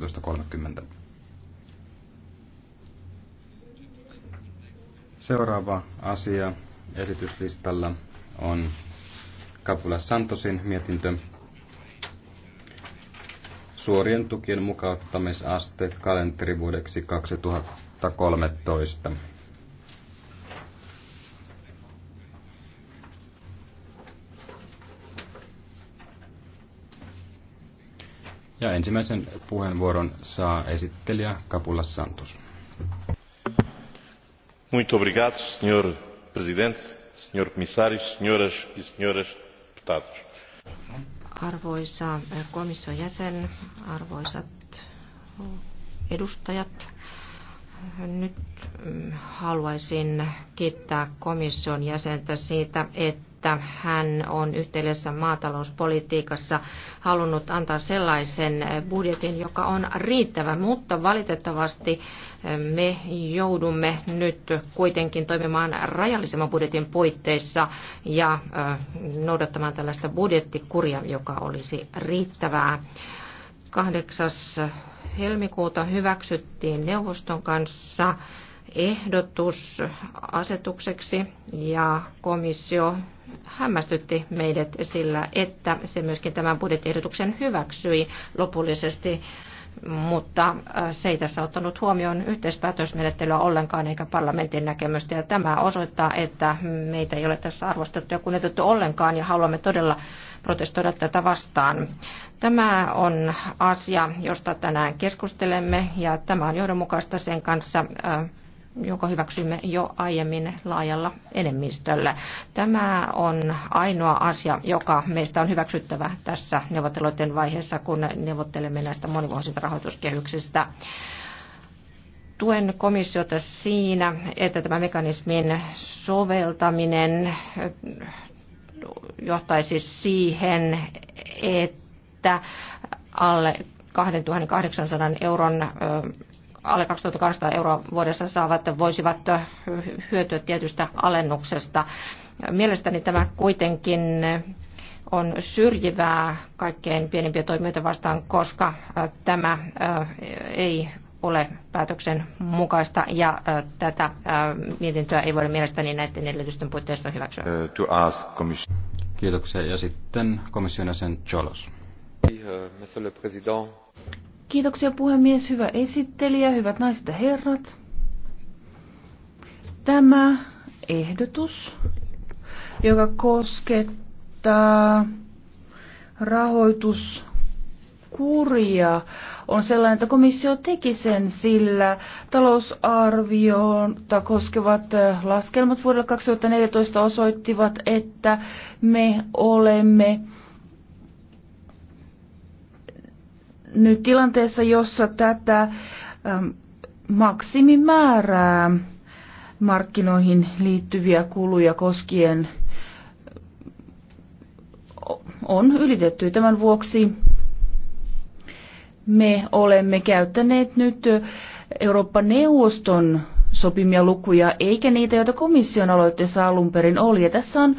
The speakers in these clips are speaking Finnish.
11.30. Seuraava asia esityslistalla on Kapula Santosin mietintö suorien tukien mukauttamisaste kalenterivuodeksi 2013. Ja ensimmäisen puheenvuoron saa esittelijä Kapula Santos. Muito obrigado, senhor presidente, senhor comissário, senhoras e senhores deputados. Arvoisa komission jäsen, arvoisat edustajat, nyt mm, haluaisin kiittää komission jäsentä siitä, että että hän on yhteydessä maatalouspolitiikassa halunnut antaa sellaisen budjetin, joka on riittävä, mutta valitettavasti eh, me joudumme nyt kuitenkin toimimaan rajallisemman budjetin puitteissa ja eh, noudattamaan tällaista budjettikuria, joka olisi riittävää. 8. helmikuuta hyväksyttiin neuvoston kanssa ehdotus asetukseksi ja komissio hämmästytti meidät sillä, että se myöskin tämän budjettiehdotuksen hyväksyi lopullisesti mutta äh, se ei tässä ottanut huomioon yhteispäätösmenettelyä ollenkaan eikä parlamentin näkemystä. Ja tämä osoittaa, että meitä ei ole tässä arvostettu ja kunnioitettu ollenkaan ja haluamme todella protestoida tätä vastaan. Tämä on asia, josta tänään keskustelemme ja tämä on johdonmukaista sen kanssa, äh, jonka hyväksymme jo aiemmin laajalla enemmistöllä. Tämä on ainoa asia, joka meistä on hyväksyttävä tässä neuvotteluiden vaiheessa, kun neuvottelemme näistä monivuosista rahoituskehyksistä tuen komissiota siinä, että tämä mekanismin soveltaminen johtaisi siihen, että alle 2800 euron alle 2200 euroa vuodessa saavat voisivat hyötyä tietystä alennuksesta. Mielestäni tämä kuitenkin on syrjivää kaikkein pienimpiä toimijoita vastaan, koska äh, tämä äh, ei ole päätöksen mukaista ja äh, tätä mietintöä ei voida mielestäni näiden edellytysten puitteissa hyväksyä. Kiitoksia. Ja sitten komission jäsen Cholos. Euh, Kiitoksia puhemies, hyvä esittelijä, hyvät naiset ja herrat. Tämä ehdotus, joka koskettaa rahoituskuria, on sellainen, että komissio teki sen, sillä talousarviota koskevat laskelmat vuodelle 2014 osoittivat, että me olemme nyt tilanteessa, jossa tätä ähm, maksimimäärää markkinoihin liittyviä kuluja koskien äh, on ylitetty. Tämän vuoksi me olemme käyttäneet nyt äh, Euroopan neuvoston sopimia lukuja, eikä niitä, joita komission aloitteessa alun perin oli. Ja tässä on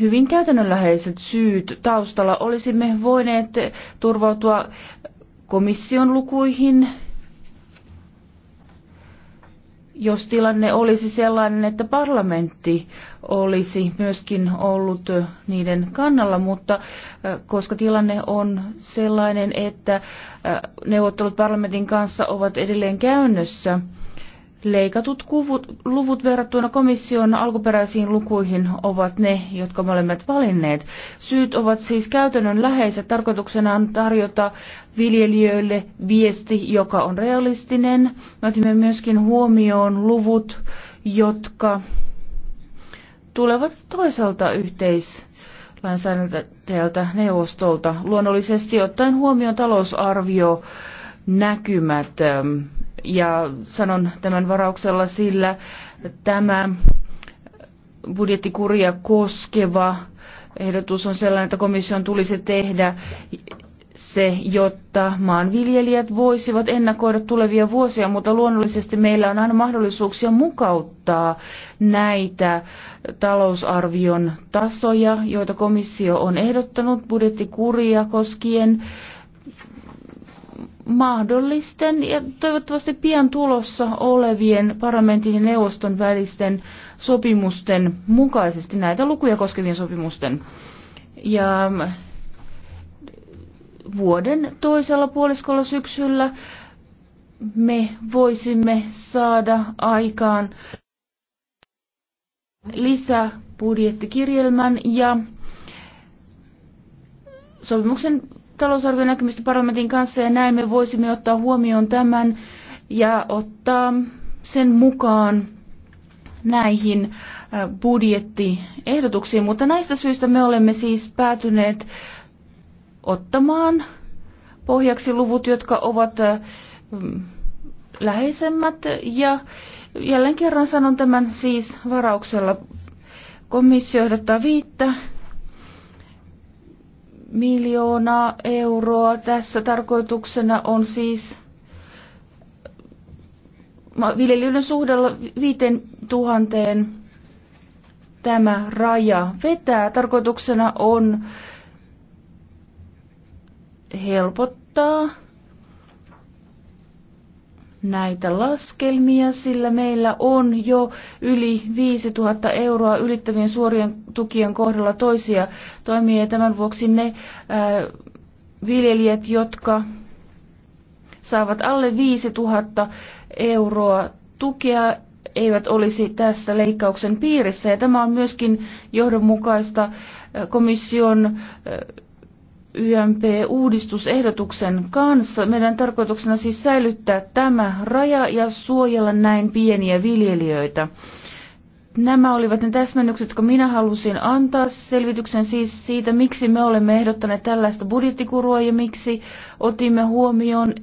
hyvin käytännönläheiset syyt taustalla. Olisimme voineet turvautua komission lukuihin, jos tilanne olisi sellainen, että parlamentti olisi myöskin ollut niiden kannalla, mutta koska tilanne on sellainen, että neuvottelut parlamentin kanssa ovat edelleen käynnössä, leikatut kuvut, luvut verrattuna komission alkuperäisiin lukuihin ovat ne, jotka me olemme valinneet. Syyt ovat siis käytännön läheiset. Tarkoituksena on tarjota viljelijöille viesti, joka on realistinen. Me otimme myöskin huomioon luvut, jotka tulevat toisaalta yhteis lainsäädäntäjältä neuvostolta, luonnollisesti ottaen huomioon talousarvio näkymät ja sanon tämän varauksella, sillä tämä budjettikuria koskeva ehdotus on sellainen, että komission tulisi tehdä se, jotta maanviljelijät voisivat ennakoida tulevia vuosia, mutta luonnollisesti meillä on aina mahdollisuuksia mukauttaa näitä talousarvion tasoja, joita komissio on ehdottanut budjettikuria koskien mahdollisten ja toivottavasti pian tulossa olevien parlamentin ja neuvoston välisten sopimusten mukaisesti, näitä lukuja koskevien sopimusten. Ja mm, vuoden toisella puoliskolla syksyllä me voisimme saada aikaan lisäbudjettikirjelmän ja sopimuksen talousarvion näkemistä parlamentin kanssa ja näin me voisimme ottaa huomioon tämän ja ottaa sen mukaan näihin äh, budjettiehdotuksiin, mutta näistä syistä me olemme siis päätyneet ottamaan pohjaksi luvut, jotka ovat äh, mm, läheisemmät ja jälleen kerran sanon tämän siis varauksella. Komissio ehdottaa viittä miljoonaa euroa. Tässä tarkoituksena on siis viljelijöiden suhdella 5000 tämä raja vetää. Tarkoituksena on helpottaa näitä laskelmia, sillä meillä on jo yli 5000 euroa ylittävien suorien tukien kohdalla toisia toimia ja tämän vuoksi ne ää, äh, viljelijät, jotka saavat alle 5000 euroa tukea, eivät olisi tässä leikkauksen piirissä. Ja tämä on myöskin johdonmukaista äh, komission äh, YMP-uudistusehdotuksen kanssa. Meidän tarkoituksena siis säilyttää tämä raja ja suojella näin pieniä viljelijöitä. Nämä olivat ne täsmennykset, jotka minä halusin antaa selvityksen siis siitä, miksi me olemme ehdottaneet tällaista budjettikurua ja miksi otimme huomioon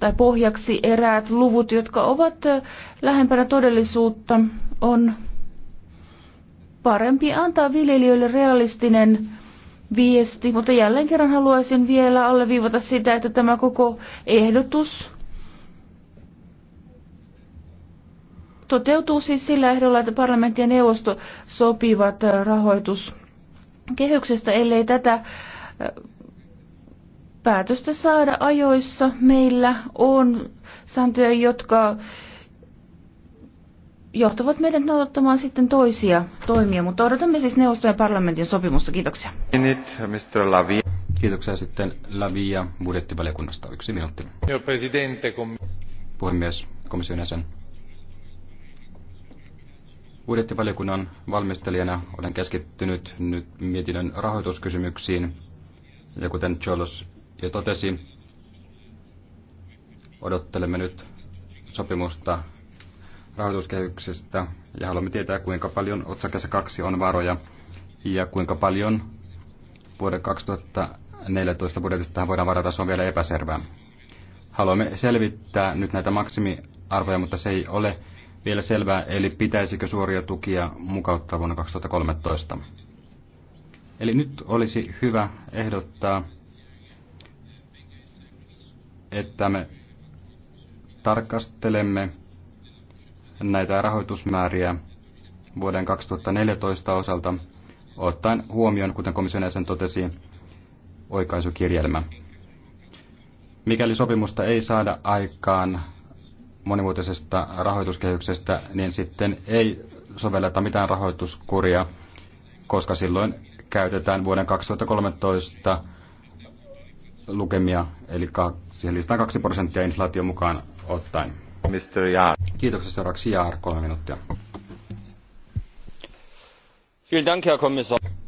tai pohjaksi eräät luvut, jotka ovat lähempänä todellisuutta, on parempi antaa viljelijöille realistinen viesti, mutta jälleen kerran haluaisin vielä alleviivata sitä, että tämä koko ehdotus toteutuu siis sillä ehdolla, että parlamentti ja neuvosto sopivat rahoituskehyksestä, ellei tätä äh, päätöstä saada ajoissa. Meillä on sääntöjä, jotka johtavat meidät noudattamaan sitten toisia toimia, mutta odotamme siis neuvoston ja parlamentin sopimusta. Kiitoksia. Kiitoksia sitten Lavia budjettivaliokunnasta. Yksi minuutti. Puhemies, komission jäsen. Budjettivaliokunnan valmistelijana olen keskittynyt nyt mietinnön rahoituskysymyksiin. Ja kuten Cholos jo totesi, odottelemme nyt sopimusta rahoituskehyksestä ja haluamme tietää, kuinka paljon otsakessa kaksi on varoja ja kuinka paljon vuoden 2014 budjetista tähän voidaan varata, se on vielä epäselvää. Haluamme selvittää nyt näitä maksimiarvoja, mutta se ei ole vielä selvää, eli pitäisikö suoria tukia mukauttaa vuonna 2013. Eli nyt olisi hyvä ehdottaa, että me tarkastelemme näitä rahoitusmääriä vuoden 2014 osalta, ottaen huomioon, kuten komission jäsen totesi, oikaisukirjelmä. Mikäli sopimusta ei saada aikaan monimuotoisesta rahoituskehyksestä, niin sitten ei sovelleta mitään rahoituskuria, koska silloin käytetään vuoden 2013 lukemia, eli siihen lisätään 2 prosenttia inflaatio mukaan ottaen. Mr. Kiitoksia seuraavaksi Jaar, kolme minuuttia.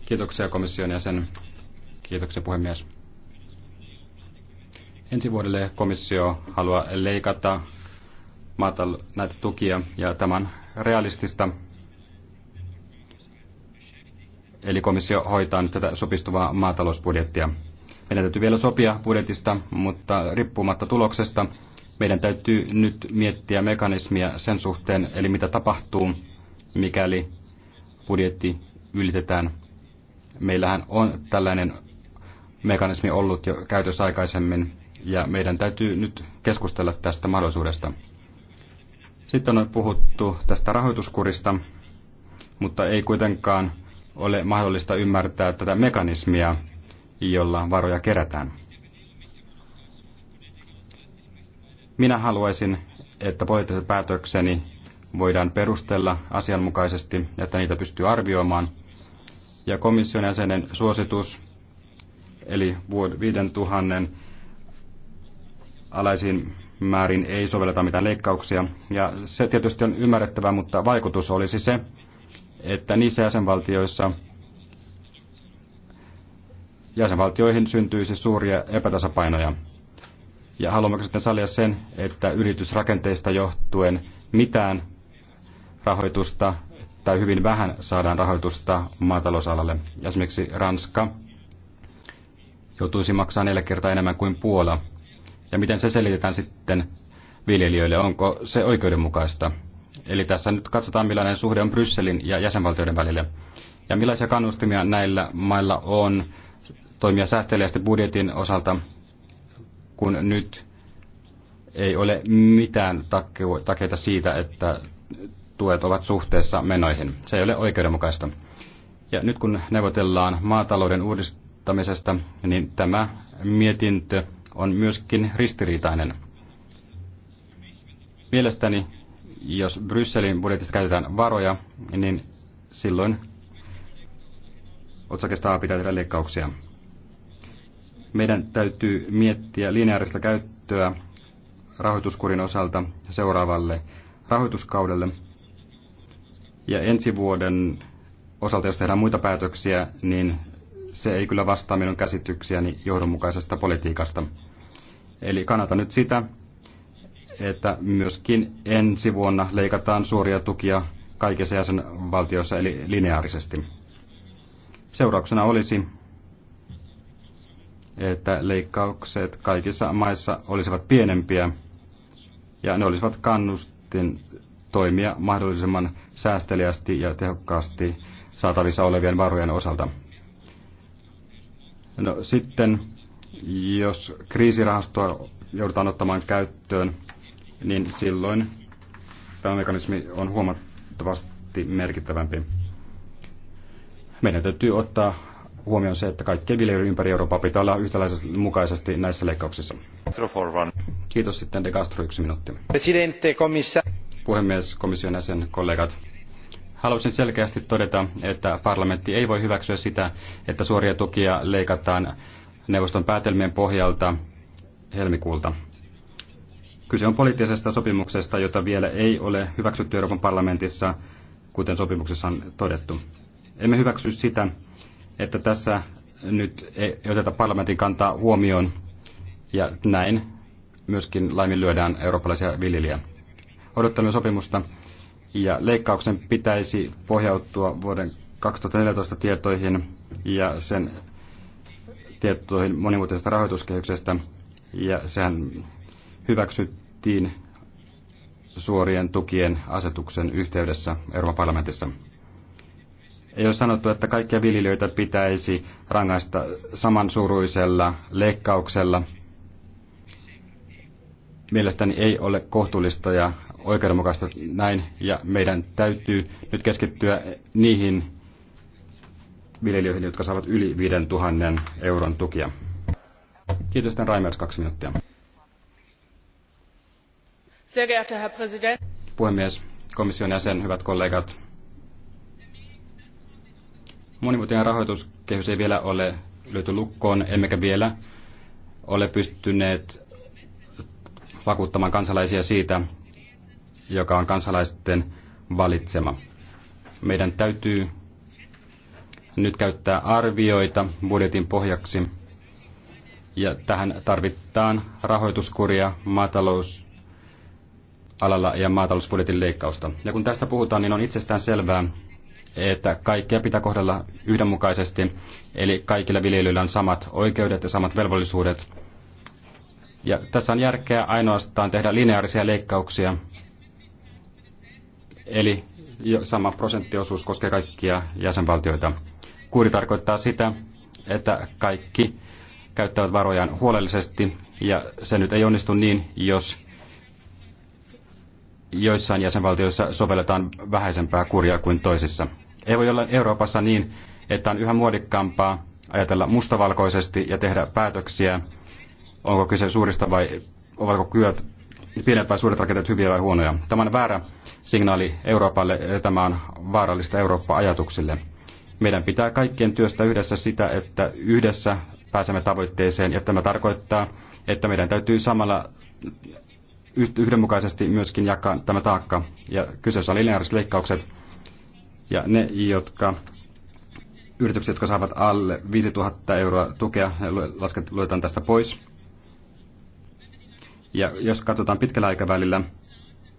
Kiitoksia komission jäsen. Kiitoksia puhemies. Ensi vuodelle komissio haluaa leikata matal- näitä tukia ja tämän realistista. Eli komissio hoitaa nyt tätä sopistuvaa maatalousbudjettia. Meidän täytyy vielä sopia budjetista, mutta riippumatta tuloksesta meidän täytyy nyt miettiä mekanismia sen suhteen, eli mitä tapahtuu, mikäli budjetti ylitetään. Meillähän on tällainen mekanismi ollut jo käytössä aikaisemmin, ja meidän täytyy nyt keskustella tästä mahdollisuudesta. Sitten on puhuttu tästä rahoituskurista, mutta ei kuitenkaan ole mahdollista ymmärtää tätä mekanismia, jolla varoja kerätään. Minä haluaisin, että poliittiset päätökseni voidaan perustella asianmukaisesti, että niitä pystyy arvioimaan. Ja komission jäsenen suositus, eli 5000 alaisiin määrin ei sovelleta mitään leikkauksia. Ja se tietysti on ymmärrettävää, mutta vaikutus olisi se, että niissä jäsenvaltioissa jäsenvaltioihin syntyisi suuria epätasapainoja. Ja haluammeko sitten salia sen, että yritysrakenteista johtuen mitään rahoitusta tai hyvin vähän saadaan rahoitusta maatalousalalle. Esimerkiksi Ranska joutuisi maksamaan neljä kertaa enemmän kuin Puola. Ja miten se selitetään sitten viljelijöille? Onko se oikeudenmukaista? Eli tässä nyt katsotaan, millainen suhde on Brysselin ja jäsenvaltioiden välillä. Ja millaisia kannustimia näillä mailla on toimia säästeliästi budjetin osalta kun nyt ei ole mitään takeita siitä, että tuet ovat suhteessa menoihin. Se ei ole oikeudenmukaista. Ja nyt kun neuvotellaan maatalouden uudistamisesta, niin tämä mietintö on myöskin ristiriitainen. Mielestäni, jos Brysselin budjetista käytetään varoja, niin silloin otsakesta pitää tehdä leikkauksia. Meidän täytyy miettiä lineaarista käyttöä rahoituskurin osalta seuraavalle rahoituskaudelle. Ja ensi vuoden osalta, jos tehdään muita päätöksiä, niin se ei kyllä vastaa minun käsityksiäni johdonmukaisesta politiikasta. Eli kannata nyt sitä, että myöskin ensi vuonna leikataan suoria tukia kaikissa jäsenvaltioissa, eli lineaarisesti. Seurauksena olisi, että leikkaukset kaikissa maissa olisivat pienempiä ja ne olisivat kannustin toimia mahdollisimman säästeliästi ja tehokkaasti saatavissa olevien varojen osalta. No, sitten, jos kriisirahastoa joudutaan ottamaan käyttöön, niin silloin tämä mekanismi on huomattavasti merkittävämpi. Meidän täytyy ottaa huomioon se, että kaikki viljelijöiden ympäri Eurooppaa pitää olla yhtäläisesti mukaisesti näissä leikkauksissa. Kiitos sitten De Castro, yksi minuutti. Presidente, komissa... Puhemies, komission jäsen, kollegat. Haluaisin selkeästi todeta, että parlamentti ei voi hyväksyä sitä, että suoria tukia leikataan neuvoston päätelmien pohjalta helmikuulta. Kyse on poliittisesta sopimuksesta, jota vielä ei ole hyväksytty Euroopan parlamentissa, kuten sopimuksessa on todettu. Emme hyväksy sitä, että tässä nyt ei oteta parlamentin kantaa huomioon ja näin myöskin laiminlyödään eurooppalaisia viljelijä. Odottamme sopimusta ja leikkauksen pitäisi pohjautua vuoden 2014 tietoihin ja sen tietoihin monimuotoisesta rahoituskehyksestä ja sehän hyväksyttiin suorien tukien asetuksen yhteydessä Euroopan parlamentissa. Ei ole sanottu, että kaikkia viljelijöitä pitäisi rangaista samansuuruisella leikkauksella. Mielestäni ei ole kohtuullista ja oikeudenmukaista näin, ja meidän täytyy nyt keskittyä niihin viljelijöihin, jotka saavat yli 5000 euron tukia. Kiitos, tämän Raimers, kaksi minuuttia. Puhemies, komission jäsen, hyvät kollegat, monimuotoinen rahoituskehys ei vielä ole löyty lukkoon, emmekä vielä ole pystyneet vakuuttamaan kansalaisia siitä, joka on kansalaisten valitsema. Meidän täytyy nyt käyttää arvioita budjetin pohjaksi, ja tähän tarvitaan rahoituskuria, maatalousalalla ja maatalousbudjetin leikkausta. Ja kun tästä puhutaan, niin on itsestään selvää, että kaikkia pitää kohdella yhdenmukaisesti, eli kaikilla viljelyillä on samat oikeudet ja samat velvollisuudet. Ja tässä on järkeä ainoastaan tehdä lineaarisia leikkauksia, eli sama prosenttiosuus koskee kaikkia jäsenvaltioita. Kuuri tarkoittaa sitä, että kaikki käyttävät varojaan huolellisesti, ja se nyt ei onnistu niin, jos joissain jäsenvaltioissa sovelletaan vähäisempää kurjaa kuin toisissa. Ei voi olla Euroopassa niin, että on yhä muodikkaampaa ajatella mustavalkoisesti ja tehdä päätöksiä, onko kyse suurista vai ovatko kyöt pienet vai suuret rakenteet hyviä vai huonoja. Tämä on väärä signaali Euroopalle ja tämä on vaarallista Eurooppa-ajatuksille. Meidän pitää kaikkien työstä yhdessä sitä, että yhdessä pääsemme tavoitteeseen ja tämä tarkoittaa, että meidän täytyy samalla yhdenmukaisesti myöskin jakaa tämä taakka. Ja kyseessä on lineaariset leikkaukset, ja ne, jotka yritykset, jotka saavat alle 5000 euroa tukea, ne luetaan tästä pois. Ja jos katsotaan pitkällä aikavälillä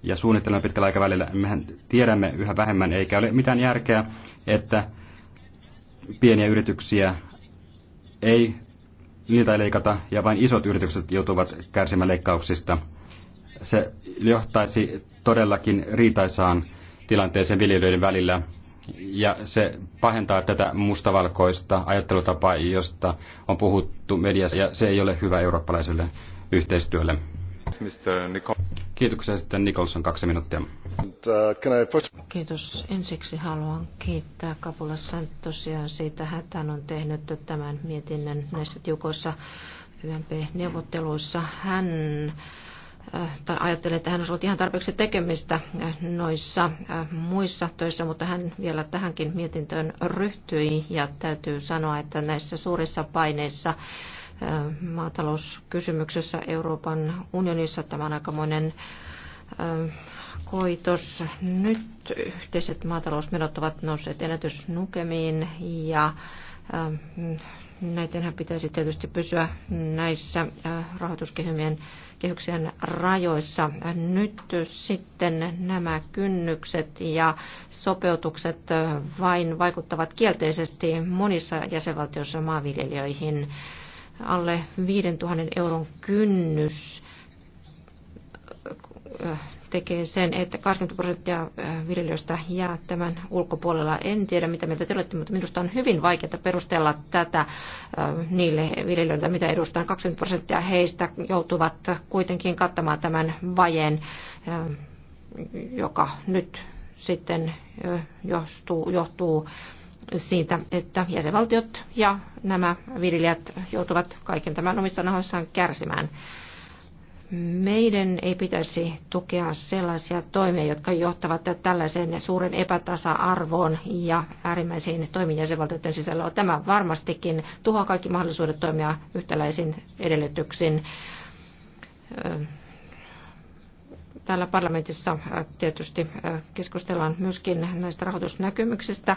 ja suunnittelemme pitkällä aikavälillä, mehän tiedämme yhä vähemmän, eikä ole mitään järkeä, että pieniä yrityksiä ei, niitä ei leikata ja vain isot yritykset joutuvat kärsimään leikkauksista. Se johtaisi todellakin riitaisaan tilanteeseen viljelijöiden välillä ja se pahentaa tätä mustavalkoista ajattelutapaa, josta on puhuttu mediassa, ja se ei ole hyvä eurooppalaiselle yhteistyölle. Kiitoksia sitten Nicholson, kaksi minuuttia. Uh, Kiitos. Ensiksi haluan kiittää Kapula Santosia siitä, että hän on tehnyt tämän mietinnön näissä tiukoissa YMP-neuvotteluissa. Hän Äh, tai ajattelen, että hän on ollut ihan tarpeeksi tekemistä äh, noissa äh, muissa töissä, mutta hän vielä tähänkin mietintöön ryhtyi ja täytyy sanoa, että näissä suurissa paineissa maatalouskysymyksessä Euroopan unionissa tämä on aikamoinen koitos. Nyt yhteiset maatalousmenot ovat nousseet ennätysnukemiin ja Näitenhän pitäisi tietysti pysyä näissä äh, rahoituskehymien kehyksien rajoissa. Äh, nyt sitten nämä kynnykset ja sopeutukset äh, vain vaikuttavat kielteisesti monissa jäsenvaltioissa maanviljelijöihin. Alle 5000 euron kynnys tekee sen, että 20 prosenttia äh, viljelijöistä jää tämän ulkopuolella. En tiedä, mitä mieltä te olette, mutta minusta on hyvin vaikeaa perustella tätä äh, niille viljelijöille, mitä edustan. 20 prosenttia heistä joutuvat kuitenkin kattamaan tämän vajeen, äh, joka nyt sitten johtuu, johtuu siitä, että jäsenvaltiot ja nämä viljelijät joutuvat kaiken tämän omissa nahoissaan kärsimään. Meidän ei pitäisi tukea sellaisia toimia, jotka johtavat tällaiseen suuren epätasa-arvoon ja äärimmäisiin toimiin jäsenvaltioiden sisällä. Tämä varmastikin tuhoaa kaikki mahdollisuudet toimia yhtäläisin edellytyksin täällä parlamentissa tietysti keskustellaan myöskin näistä rahoitusnäkymyksistä.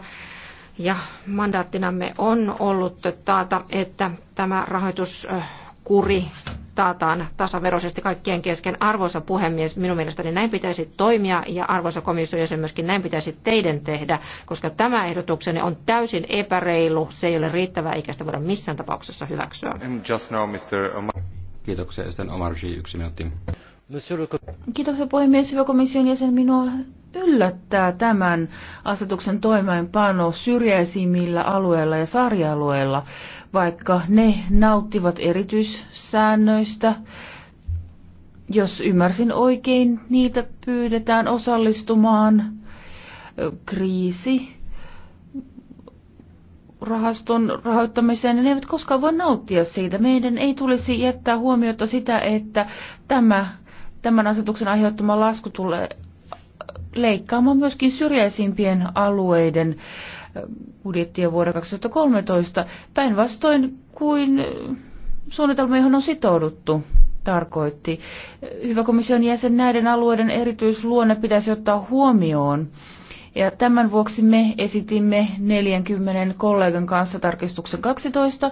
Ja mandaattinamme on ollut taata, että tämä rahoituskuri taataan tasaveroisesti kaikkien kesken. Arvoisa puhemies, minun mielestäni näin pitäisi toimia ja arvoisa komission jäsen myöskin näin pitäisi teidän tehdä, koska tämä ehdotuksenne on täysin epäreilu, se ei ole riittävää eikä sitä voida missään tapauksessa hyväksyä. Now, Kiitoksia. Sitten Omar G. yksi minuutti. Kiitoksia puhemies. Hyvä komission jäsen, minua yllättää tämän asetuksen toimeenpano syrjäisimmillä alueilla ja saarialueilla, vaikka ne nauttivat erityissäännöistä. Jos ymmärsin oikein, niitä pyydetään osallistumaan kriisi rahaston rahoittamiseen, niin ne eivät koskaan voi nauttia siitä. Meidän ei tulisi jättää huomiota sitä, että tämä tämän asetuksen aiheuttama lasku tulee leikkaamaan myöskin syrjäisimpien alueiden budjettia vuoden 2013 päinvastoin kuin suunnitelma, johon on sitouduttu tarkoitti. Hyvä komission jäsen, näiden alueiden erityisluonne pitäisi ottaa huomioon ja tämän vuoksi me esitimme 40 kollegan kanssa tarkistuksen 12,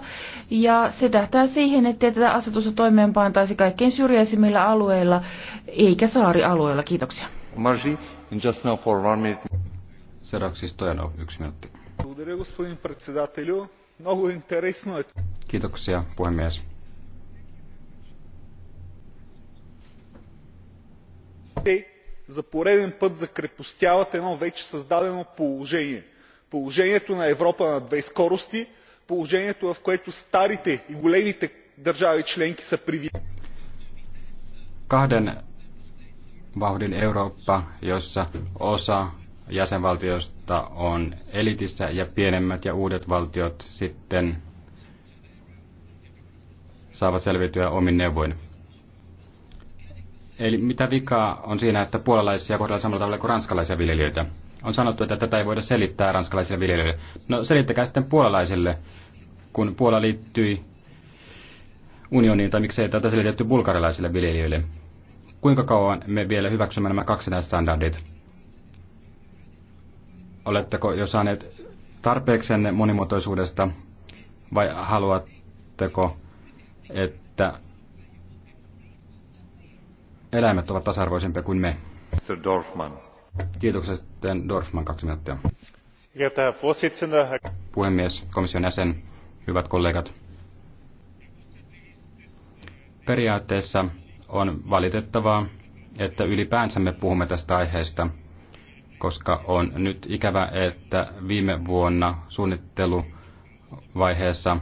ja se tähtää siihen, että tätä asetusta toimeenpantaisi kaikkein syrjäisimmillä alueilla, eikä saarialueilla. Kiitoksia. Marji, just now for one minute. Seuraavaksi Stojanov, yksi minuutti. Kiitoksia, puhemies. Ei за пореден път закрепостяват едно вече създадено положение положението на европа на две скорости положението в което старите и големите държави членки са приви. kahden vauhdin Eurooppa, jossa osa jäsenvaltioista on elitissä ja pienemmät ja uudet valtiot sitten saavat selviytyä omin neuvoin. Eli mitä vikaa on siinä, että puolalaisia kohdellaan samalla tavalla kuin ranskalaisia viljelijöitä? On sanottu, että tätä ei voida selittää ranskalaisille viljelijöille. No selittäkää sitten puolalaisille, kun Puola liittyi unioniin, tai miksei tätä selitetty bulgarilaisille viljelijöille. Kuinka kauan me vielä hyväksymme nämä standardit? Oletteko jo saaneet tarpeeksenne monimuotoisuudesta, vai haluatteko, että eläimet ovat tasa-arvoisempia kuin me. Mr. Dorfman. Kiitoksia sitten Dorfman kaksi minuuttia. Puhemies, komission jäsen, hyvät kollegat. Periaatteessa on valitettavaa, että ylipäänsä me puhumme tästä aiheesta, koska on nyt ikävä, että viime vuonna suunnittelu vaiheessa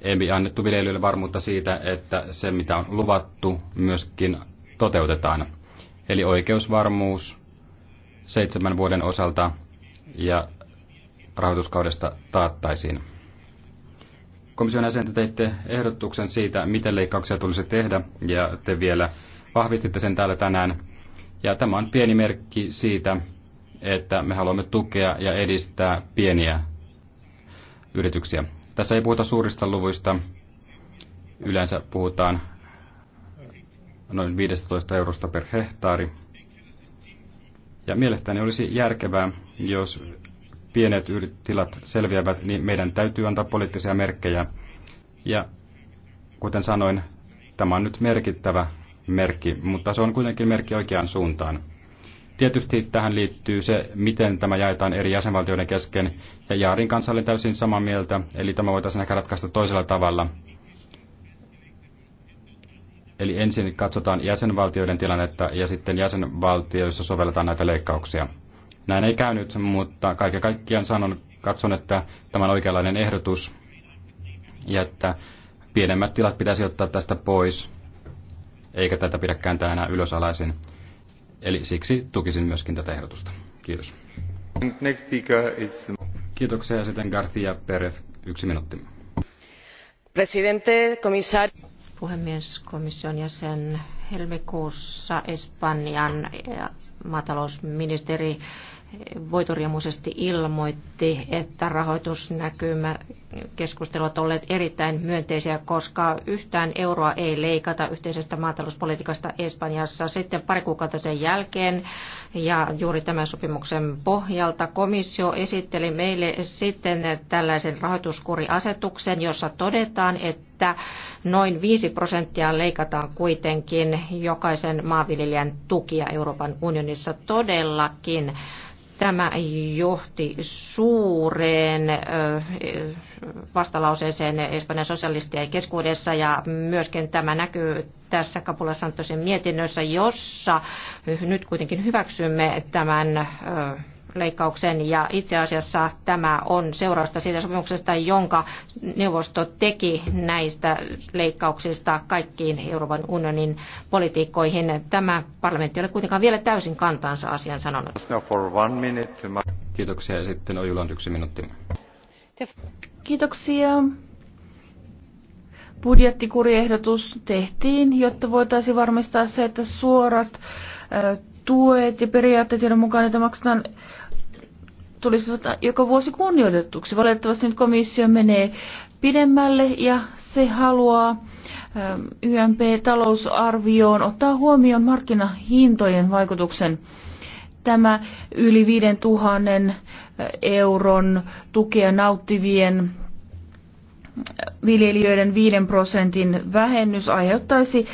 ei annettu viljelijöille varmuutta siitä, että se mitä on luvattu myöskin toteutetaan. Eli oikeusvarmuus seitsemän vuoden osalta ja rahoituskaudesta taattaisiin. Komission jäsen, te teitte ehdotuksen siitä, miten leikkauksia tulisi tehdä, ja te vielä vahvistitte sen täällä tänään. Ja tämä on pieni merkki siitä, että me haluamme tukea ja edistää pieniä yrityksiä. Tässä ei puhuta suurista luvuista. Yleensä puhutaan noin 15 eurosta per hehtaari. Ja mielestäni olisi järkevää, jos pienet tilat selviävät, niin meidän täytyy antaa poliittisia merkkejä. Ja kuten sanoin, tämä on nyt merkittävä merkki, mutta se on kuitenkin merkki oikeaan suuntaan. Tietysti tähän liittyy se, miten tämä jaetaan eri jäsenvaltioiden kesken, ja Jaarin kanssa olen täysin samaa mieltä, eli tämä voitaisiin ehkä ratkaista toisella tavalla. Eli ensin katsotaan jäsenvaltioiden tilannetta ja sitten jäsenvaltioissa sovelletaan näitä leikkauksia. Näin ei käynyt, mutta kaiken kaikkiaan sanon, katson, että tämä on oikeanlainen ehdotus ja että pienemmät tilat pitäisi ottaa tästä pois, eikä tätä pidä kääntää enää ylösalaisin. Eli siksi tukisin myöskin tätä ehdotusta. Kiitos. Next speaker is... Kiitoksia ja sitten Garcia Perez, yksi minuutti. Presidente, komissaari. Puhemies, komission jäsen helmikuussa Espanjan eh, maatalousministeri voitoriemuisesti ilmoitti, että rahoitusnäkymä keskustelut olleet erittäin myönteisiä, koska yhtään euroa ei leikata yhteisestä maatalouspolitiikasta Espanjassa. Sitten pari kuukautta sen jälkeen ja juuri tämän sopimuksen pohjalta komissio esitteli meille sitten tällaisen rahoituskuriasetuksen, jossa todetaan, että noin 5 prosenttia leikataan kuitenkin jokaisen maanviljelijän tukia Euroopan unionissa todellakin Tämä johti suureen vastalauseeseen Espanjan sosialistien keskuudessa ja myöskin tämä näkyy tässä Kapula Santosin mietinnössä, jossa nyt kuitenkin hyväksymme tämän leikkauksen ja itse asiassa tämä on seurausta siitä sopimuksesta, jonka neuvosto teki näistä leikkauksista kaikkiin Euroopan unionin politiikkoihin. Tämä parlamentti ei ole kuitenkaan vielä täysin kantansa asian sanonut. No, Kiitoksia ja sitten Ojuland yksi minuutti. Kiitoksia. Budjettikuriehdotus tehtiin, jotta voitaisiin varmistaa se, että suorat tuet ja periaatteet, joiden mukaan niitä maksetaan tulisivat joka vuosi kunnioitetuksi. Valitettavasti nyt komissio menee pidemmälle ja se haluaa ähm, YMP-talousarvioon ottaa huomioon markkinahintojen vaikutuksen. Tämä yli 5000 äh, euron tukea nauttivien viljelijöiden 5 prosentin vähennys aiheuttaisi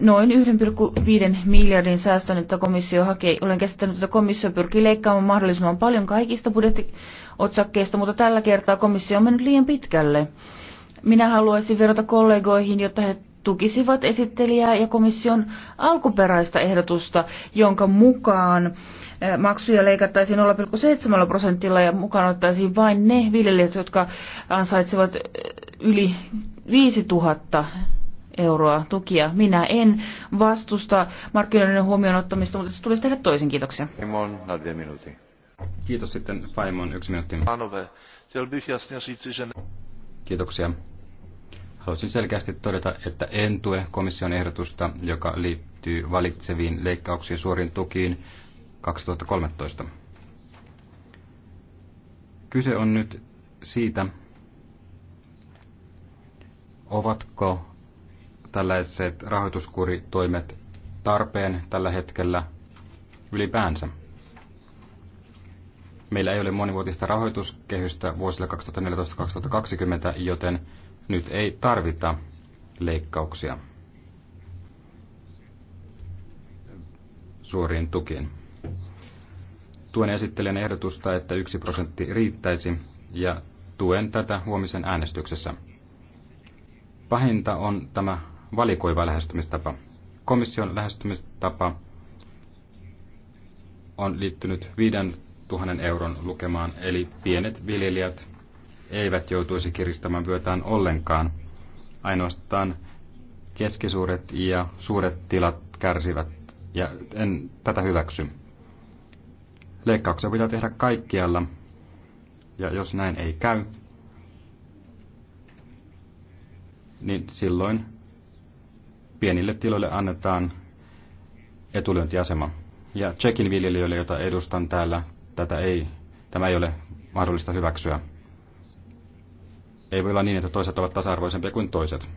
noin 1,5 miljardin säästön, että komissio hakee. Olen käsittänyt, että komissio pyrkii leikkaamaan mahdollisimman paljon kaikista budjettiotsakkeista, mutta tällä kertaa komissio on mennyt liian pitkälle. Minä haluaisin verrata kollegoihin, jotta he tukisivat esittelijää ja komission alkuperäistä ehdotusta, jonka mukaan eh, maksuja leikattaisiin 0,7 prosentilla ja mukaan ottaisiin vain ne viljelijät, jotka ansaitsevat eh, yli 5000 euroa tukia. Minä en vastusta markkinoiden huomioon ottamista, mutta se tulisi tehdä toisin. Kiitoksia. Kiitos sitten Faimon yksi minuutti. Kiitoksia. Haluaisin selkeästi todeta, että en tue komission ehdotusta, joka liittyy valitseviin leikkauksiin suorin tukiin 2013. Kyse on nyt siitä, ovatko tällaiset rahoituskuritoimet tarpeen tällä hetkellä ylipäänsä. Meillä ei ole monivuotista rahoituskehystä vuosille 2014-2020, joten nyt ei tarvita leikkauksia suoriin tukiin. Tuen esittelen ehdotusta, että yksi prosentti riittäisi, ja tuen tätä huomisen äänestyksessä. Pahinta on tämä valikoiva lähestymistapa. Komission lähestymistapa on liittynyt 5000 euron lukemaan, eli pienet viljelijät eivät joutuisi kiristämään vyötään ollenkaan. Ainoastaan keskisuuret ja suuret tilat kärsivät, ja en tätä hyväksy. Leikkauksia pitää tehdä kaikkialla, ja jos näin ei käy, niin silloin pienille tiloille annetaan etulyöntiasema. Ja Tsekin viljelijöille, joita edustan täällä, tätä ei, tämä ei ole mahdollista hyväksyä. Ei voi olla niin, että toiset ovat tasa-arvoisempia kuin toiset.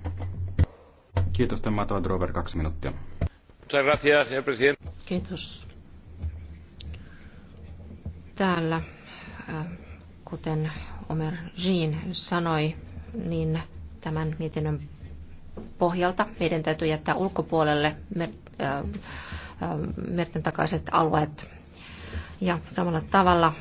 Kiitos, tämä Drover, kaksi minuuttia. Kiitos. Täällä, äh, kuten Omer Jean sanoi, niin tämän mietinnön pohjalta meidän täytyy jättää ulkopuolelle äh, äh, merten takaiset alueet ja samalla tavalla.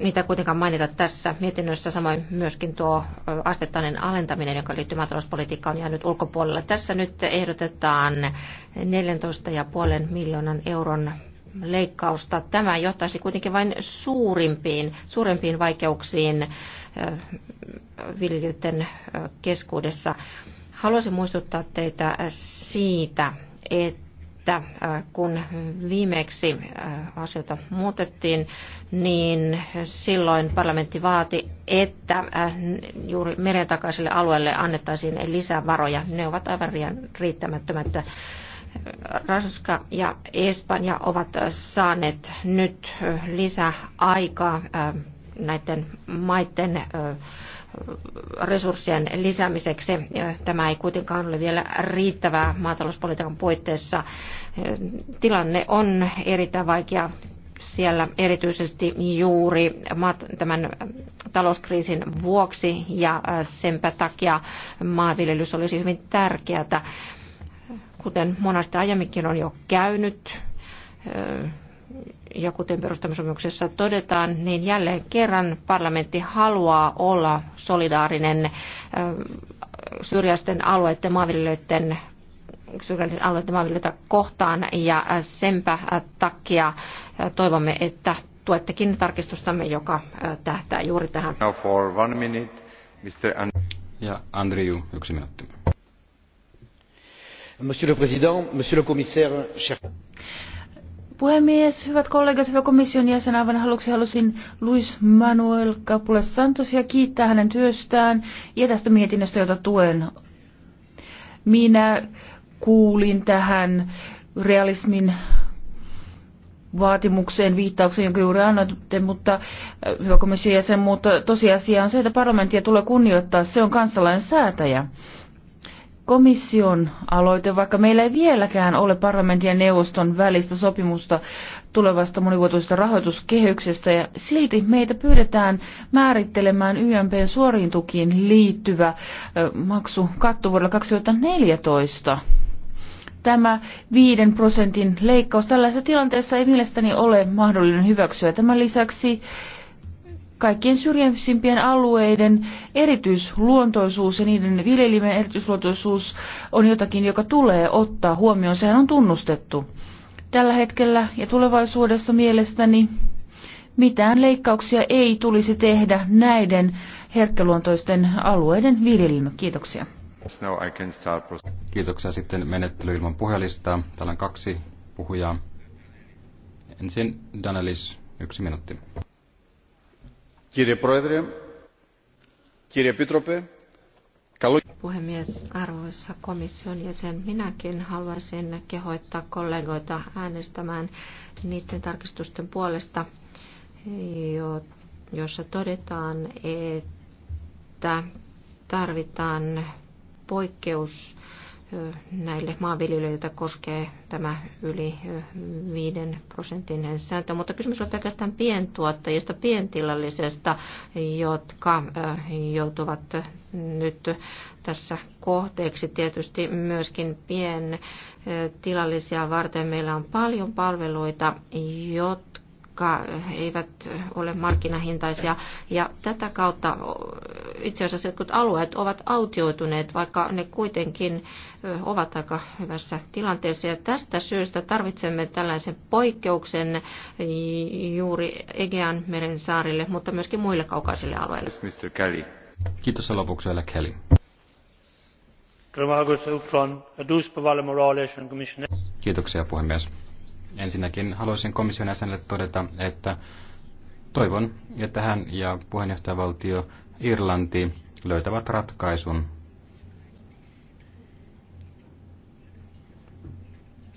Niitä kuitenkaan mainita tässä mietinnössä, samoin myöskin tuo astettainen alentaminen, joka liittyy maatalouspolitiikkaan, on jäänyt ulkopuolelle. Tässä nyt ehdotetaan 14,5 miljoonan euron leikkausta. Tämä johtaisi kuitenkin vain suurimpiin, suurempiin vaikeuksiin viljelijöiden keskuudessa. Haluaisin muistuttaa teitä siitä, että että kun viimeksi asioita muutettiin, niin silloin parlamentti vaati, että juuri meren takaiselle alueelle annettaisiin lisää varoja. Ne ovat aivan riittämättömät. Ranska ja Espanja ovat saaneet nyt lisää aikaa näiden maiden resurssien lisäämiseksi. Tämä ei kuitenkaan ole vielä riittävää maatalouspolitiikan puitteissa. Tilanne on erittäin vaikea siellä erityisesti juuri tämän talouskriisin vuoksi ja senpä takia maanviljelys olisi hyvin tärkeää. Kuten monesti aiemminkin on jo käynyt, ja kuten perustamisomuksessa todetaan, niin jälleen kerran parlamentti haluaa olla solidaarinen syrjäisten alueiden maanviljelijöiden syrjäisten alueiden maanviljelijöitä kohtaan ja senpä takia toivomme, että tuettekin tarkistustamme, joka tähtää juuri tähän. Now for one minute, Mr. And ja Andriu, yksi minuutti. Monsieur le Président, Monsieur le Commissaire, chers Puhemies, hyvät kollegat, hyvä komission jäsen, aivan haluksi halusin Luis Manuel Capule Santosia kiittää hänen työstään ja tästä mietinnöstä, jota tuen. Minä kuulin tähän realismin vaatimukseen, viittauksen, jonka juuri annoitte, mutta äh, hyvä komission jäsen, mutta tosiasia on se, että parlamenttia tulee kunnioittaa, se on kansalainen säätäjä komission aloite, vaikka meillä ei vieläkään ole parlamentin ja neuvoston välistä sopimusta tulevasta monivuotoisesta rahoituskehyksestä, ja silti meitä pyydetään määrittelemään YMPn suoriin tukiin liittyvä maksu katto vuodelle 2014 tämä viiden prosentin leikkaus tällaisessa tilanteessa ei mielestäni ole mahdollinen hyväksyä. Tämän lisäksi kaikkien syrjäisimpien alueiden erityisluontoisuus ja niiden viljelimen erityisluontoisuus on jotakin, joka tulee ottaa huomioon. Sehän on tunnustettu. Tällä hetkellä ja tulevaisuudessa mielestäni mitään leikkauksia ei tulisi tehdä näiden herkkäluontoisten alueiden viljelmä. Kiitoksia. Kiitoksia. Sitten menettely ilman puhelistaa. Täällä on kaksi puhujaa. Ensin Danelis, yksi minuutti puhemies arvoisa komission jäsen minäkin haluaisin kehottaa kollegoita äänestämään niiden tarkistusten puolesta joissa todetaan että tarvitaan poikkeus näille maanviljelijöitä koskee tämä yli 5 prosentin sääntö, mutta kysymys on pelkästään pientuottajista, pientilallisesta, jotka joutuvat nyt tässä kohteeksi. Tietysti myöskin pientilallisia varten meillä on paljon palveluita, jotka jotka eivät ole markkinahintaisia. Ja tätä kautta itse asiassa jotkut alueet ovat autioituneet, vaikka ne kuitenkin ovat aika hyvässä tilanteessa. Ja tästä syystä tarvitsemme tällaisen poikkeuksen juuri Egean meren saarille, mutta myöskin muille kaukaisille alueille. Mr. Kelly. Kiitos lopuksi vielä Kelly. Kiitoksia puhemies Ensinnäkin haluaisin komission jäsenelle todeta, että toivon, että hän ja puheenjohtajavaltio Irlanti löytävät ratkaisun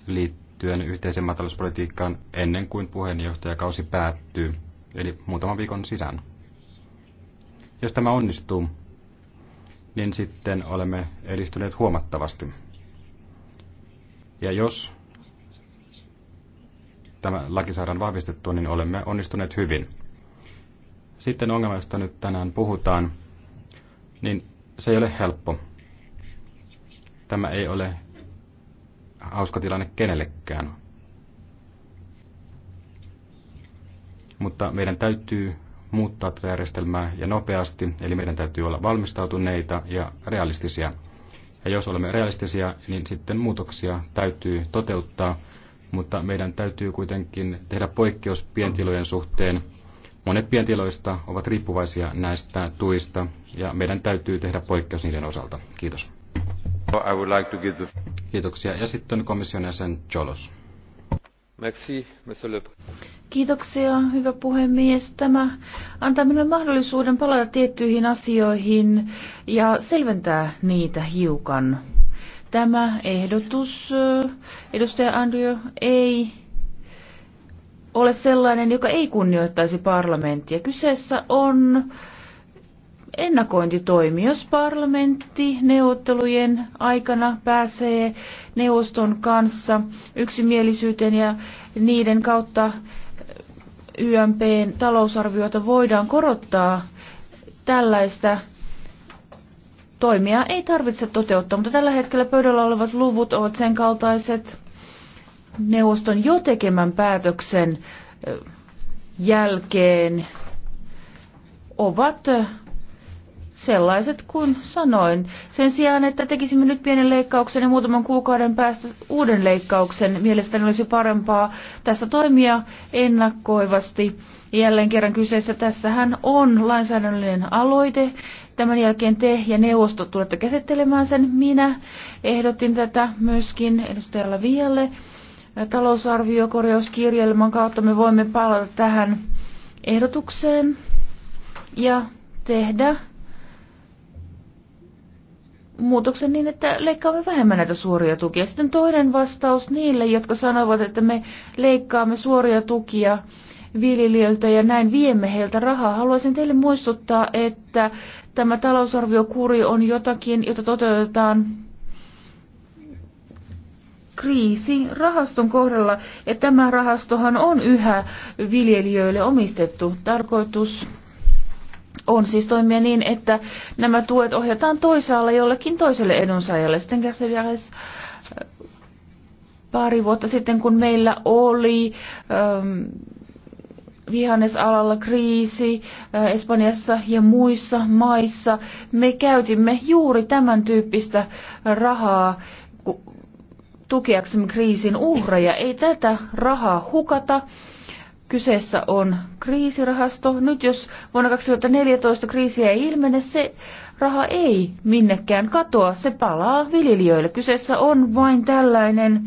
liittyen yhteisen maatalouspolitiikkaan ennen kuin puheenjohtajakausi päättyy, eli muutaman viikon sisään. Jos tämä onnistuu, niin sitten olemme edistyneet huomattavasti. Ja jos tämä laki saadaan vahvistettua, niin olemme onnistuneet hyvin. Sitten ongelma, josta nyt tänään puhutaan, niin se ei ole helppo. Tämä ei ole hauska tilanne kenellekään. Mutta meidän täytyy muuttaa tätä järjestelmää ja nopeasti, eli meidän täytyy olla valmistautuneita ja realistisia. Ja jos olemme realistisia, niin sitten muutoksia täytyy toteuttaa – mutta meidän täytyy kuitenkin tehdä poikkeus pientilojen suhteen. Monet pientiloista ovat riippuvaisia näistä tuista ja meidän täytyy tehdä poikkeus niiden osalta. Kiitos. I would like to give the... Kiitoksia. Ja sitten komission jäsen Cholos. Merci, monsieur le... Kiitoksia, hyvä puhemies. Tämä antaa minulle mahdollisuuden palata tiettyihin asioihin ja selventää niitä hiukan. Tämä ehdotus, edustaja Andrew, ei ole sellainen, joka ei kunnioittaisi parlamenttia. Kyseessä on ennakointitoimi. Jos parlamentti neuvottelujen aikana pääsee neuvoston kanssa yksimielisyyteen ja niiden kautta YMPn talousarviota voidaan korottaa tällaista Toimia ei tarvitse toteuttaa, mutta tällä hetkellä pöydällä olevat luvut ovat sen kaltaiset neuvoston jo tekemän päätöksen jälkeen ovat sellaiset kuin sanoin. Sen sijaan, että tekisimme nyt pienen leikkauksen ja muutaman kuukauden päästä uuden leikkauksen, mielestäni olisi parempaa tässä toimia ennakoivasti. Jälleen kerran kyseessä tässähän on lainsäädännöllinen aloite, Tämän jälkeen te ja neuvosto tulette käsittelemään sen. Minä ehdotin tätä myöskin edustajalla Vialle talousarviokorjauskirjelmän kautta me voimme palata tähän ehdotukseen ja tehdä muutoksen niin, että leikkaamme vähemmän näitä suoria tukia. Sitten toinen vastaus niille, jotka sanovat, että me leikkaamme suoria tukia viljelijöiltä ja näin viemme heiltä rahaa. Haluaisin teille muistuttaa, että Tämä talousarviokuri on jotakin, jota toteutetaan kriisirahaston kohdalla, ja tämä rahastohan on yhä viljelijöille omistettu. Tarkoitus on siis toimia niin, että nämä tuet ohjataan toisaalla jollekin toiselle edunsaajalle. Sitten vielä äh, pari vuotta sitten, kun meillä oli... Ähm, vihannesalalla kriisi Espanjassa ja muissa maissa. Me käytimme juuri tämän tyyppistä rahaa tukeaksemme kriisin uhreja. Ei tätä rahaa hukata. Kyseessä on kriisirahasto. Nyt jos vuonna 2014 kriisiä ei ilmene, se raha ei minnekään katoa. Se palaa viljelijöille. Kyseessä on vain tällainen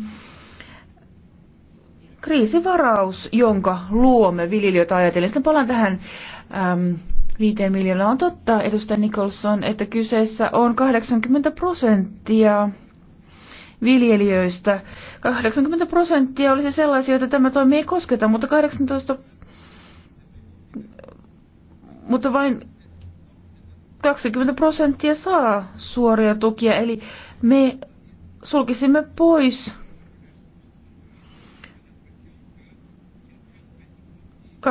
kriisivaraus, jonka luomme viljelijöitä ajatellen. Sitten palaan tähän äm, viiteen miljoonaan. On totta, edustaja Nicholson, että kyseessä on 80 prosenttia viljelijöistä. 80 prosenttia olisi sellaisia, joita tämä toimi ei kosketa, mutta 18 mutta vain 20 prosenttia saa suoria tukia, eli me sulkisimme pois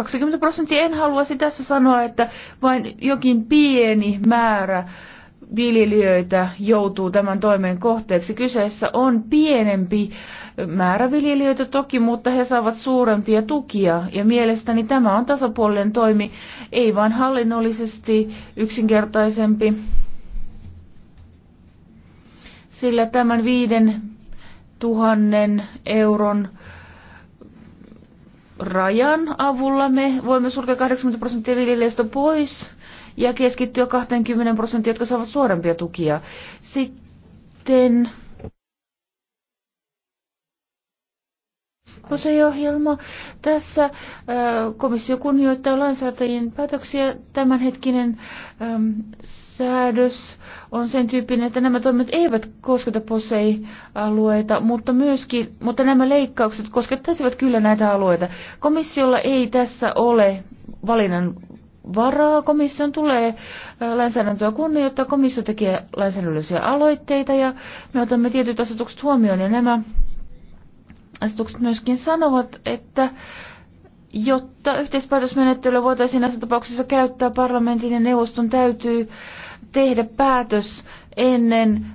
20 prosenttia. En haluaisi tässä sanoa, että vain jokin pieni määrä viljelijöitä joutuu tämän toimen kohteeksi. Kyseessä on pienempi määrä viljelijöitä toki, mutta he saavat suurempia tukia. Ja mielestäni tämä on tasapuolinen toimi, ei vain hallinnollisesti yksinkertaisempi, sillä tämän viiden tuhannen euron rajan avulla me voimme sulkea 80 prosenttia viljelijöistä pois ja keskittyä 20 prosenttia, jotka saavat suorempia tukia. Sitten ohjelma. Tässä komissio kunnioittaa lainsäätäjien päätöksiä. Tämänhetkinen säädös on sen tyyppinen, että nämä toimet eivät kosketa POSEI-alueita, mutta myöskin, mutta nämä leikkaukset koskettaisivat kyllä näitä alueita. Komissiolla ei tässä ole valinnan varaa. Komission tulee lainsäädäntöä kunnioittaa. Komissio tekee lainsäädännöllisiä aloitteita ja me otamme tietyt asetukset huomioon ja nämä asetukset myöskin sanovat, että jotta yhteispäätösmenettelyä voitaisiin näissä tapauksissa käyttää, parlamentin ja neuvoston täytyy äh, tehdä päätös ennen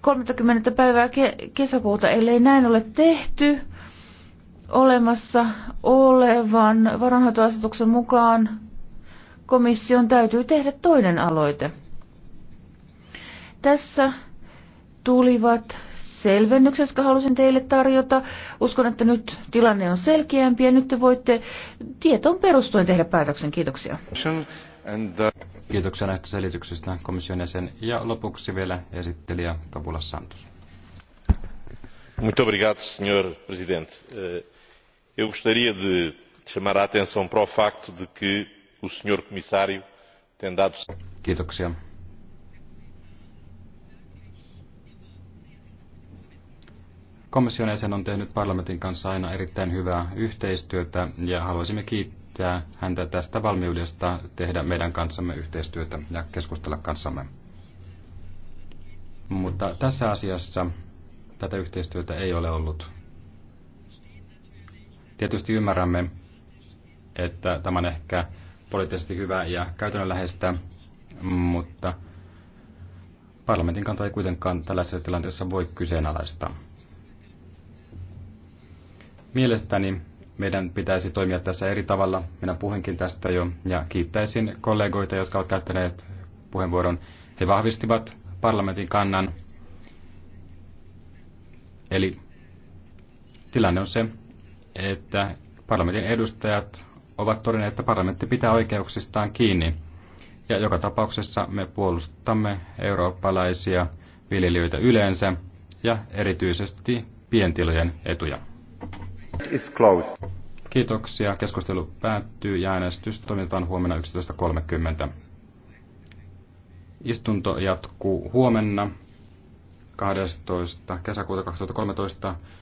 30. päivää kesäkuuta, ellei näin ole tehty olemassa olevan varanhoitoasetuksen mukaan komission täytyy tehdä toinen aloite. Tässä tulivat selvennykset, jotka halusin teille tarjota. Uskon, että nyt tilanne on selkeämpi ja nyt te voitte tietoon perustuen tehdä päätöksen. Kiitoksia. Uh, Kiitoksia näistä selityksistä komission jäsen. Ja lopuksi vielä esittelijä Kapula Santos. Muito obrigado, senhor presidente. Eh, eu gostaria de chamar a atenção para o facto de que o senhor comissário tem dado... Kiitoksia. Komission jäsen on tehnyt parlamentin kanssa aina erittäin hyvää yhteistyötä ja haluaisimme kiittää kiittää häntä tästä valmiudesta tehdä meidän kanssamme yhteistyötä ja keskustella kanssamme. Mutta tässä asiassa tätä yhteistyötä ei ole ollut. Tietysti ymmärrämme, että tämä on ehkä poliittisesti hyvä ja käytännönläheistä, mutta parlamentin kanta ei kuitenkaan tällaisessa tilanteessa voi kyseenalaistaa. Mielestäni meidän pitäisi toimia tässä eri tavalla. Minä puhenkin tästä jo ja kiittäisin kollegoita, jotka ovat käyttäneet puheenvuoron. He vahvistivat parlamentin kannan. Eli tilanne on se, että parlamentin edustajat ovat todenneet, että parlamentti pitää oikeuksistaan kiinni. Ja joka tapauksessa me puolustamme eurooppalaisia viljelijöitä yleensä ja erityisesti pientilojen etuja. Is closed. Kiitoksia. Keskustelu päättyy ja äänestys toimitetaan huomenna 11.30. Istunto jatkuu huomenna 12. kesäkuuta 2013.